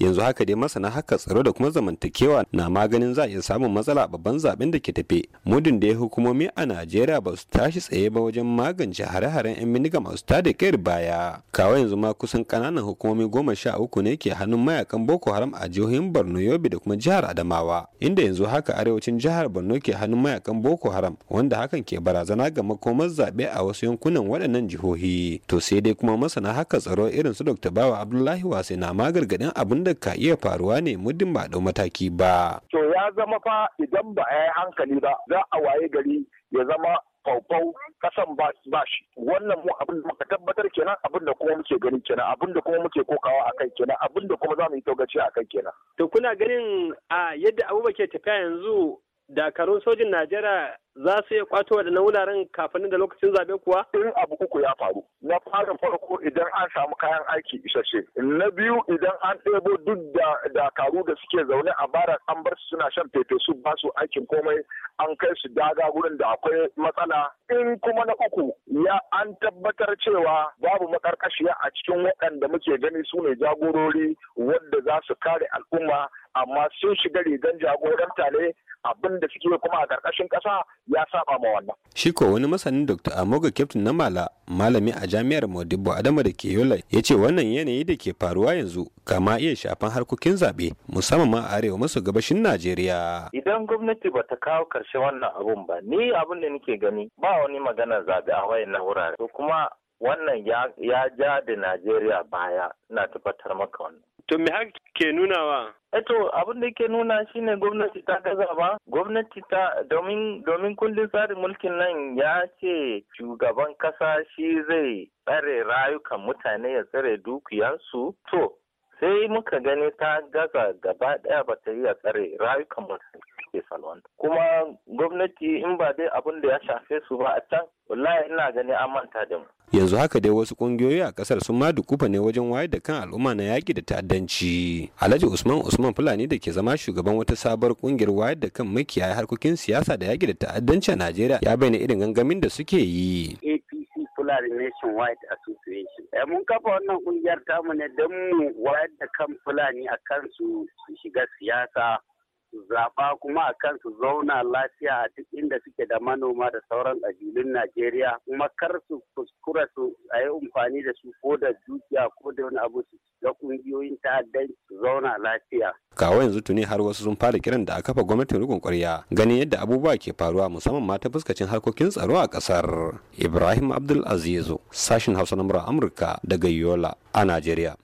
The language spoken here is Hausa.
yanzu haka dai masana haka tsaro da kuma zamantakewa na maganin za a iya samun matsala babban zaben da ke tafe mudun da ya hukumomi a najeriya ba su tashi tsaye ba wajen magance hare-haren yan bindiga masu tada kayar baya kawo yanzu ma kusan kananan hukumomi goma sha uku ne ke hannun mayakan boko haram a jihohin borno yobe da kuma jihar adamawa inda yanzu haka arewacin jihar borno ke hannun mayakan boko haram wanda hakan ke barazana ga makomar zaɓe a wasu yankunan waɗannan jihohi to sai dai kuma masana haka tsaro irin su dr bawa abdullahi wase na magargaɗin abin da da ka iya faruwa ne muddin ba ɗau mataki ba. To ya zama fa idan ba a yi hankali ba za a waye gari ya zama faufau kasan ba shi wannan mu abin da muka tabbatar kenan abin da kuma muke gani kenan abin da kuma muke kokawa a kai kenan abin da kuma za mu yi taugaci a kai kenan. To kuna ganin a yadda Abubakar tafiya yanzu dakarun sojin Najeriya za su iya kwato waɗannan wuraren kafin da lokacin zaɓe kuwa? In abu uku ya faru. Na fara farko idan an samu kayan aiki isasshe. Na biyu idan an ɗebo duk da dakaru da suke zaune a bara an bar su suna shan fefe su ba su aikin komai an kai su daga gurin da akwai matsala. In kuma na uku ya an tabbatar cewa babu makarkashiya a cikin waɗanda muke gani su ne jagorori wadda za su kare al'umma amma sun shiga rigan jagoranta ne abin da suke kuma a ƙarƙashin ƙasa ya saba ma wannan. Shi ko wani masanin Dr. Amoga Captain na Mala, malami a jami'ar Modibo Adama da ke Yola, ya ce wannan yanayi da ke faruwa yanzu kama iya shafan harkokin zaɓe musamman ma a arewa maso gabashin Najeriya. Idan gwamnati ba ta kawo ƙarshe wannan abun ba, ni abin da nake gani ba wani magana zaɓe a wayannan wurare. To kuma wannan ya ja da Najeriya baya, ina tabbatar maka wannan. To me haka ke nunawa? Eto eh, abin da ke nuna shine gwamnati ta gaza ba, gwamnati ta domin domin kundin tsarin mulkin nan ya ce shugaban kasa shi zai tsare rayukan mutane ya tsare dukiyarsu. To, sai muka gani ta gaza gaba daya ba ta yi a tsare rayukan mutane. suke salwanta kuma gwamnati in ba dai abin da ya shafe su ba a can wallahi ina gani an manta da mu yanzu haka dai wasu kungiyoyi a kasar sun ma dukufa ne wajen wayar da kan al'umma na yaƙi da ta'addanci alhaji usman usman fulani da ke zama shugaban wata sabuwar kungiyar wayar da kan makiyaya harkokin siyasa da yaƙi da ta'addanci a najeriya ya bayyana irin gangamin da suke yi Fulani Association. Eh, mun kafa wannan kungiyar tamu ne don mu wayar da kan Fulani a kansu su shiga siyasa su zaɓa kuma a kan su zauna lafiya a duk inda suke da manoma da sauran ƙabilun Najeriya kuma kar su kuskura su a yi amfani da su ko da dukiya ko da wani abu su ga ƙungiyoyin ta'addai su zauna lafiya. Kawo yanzu tuni har wasu sun fara kiran da a kafa gwamnatin riƙon ƙwarya ganin yadda abubuwa ke faruwa musamman ma ta fuskacin harkokin tsaro a ƙasar. Ibrahim Abdul Azizu sashin Hausa na Amurka daga Yola a Najeriya.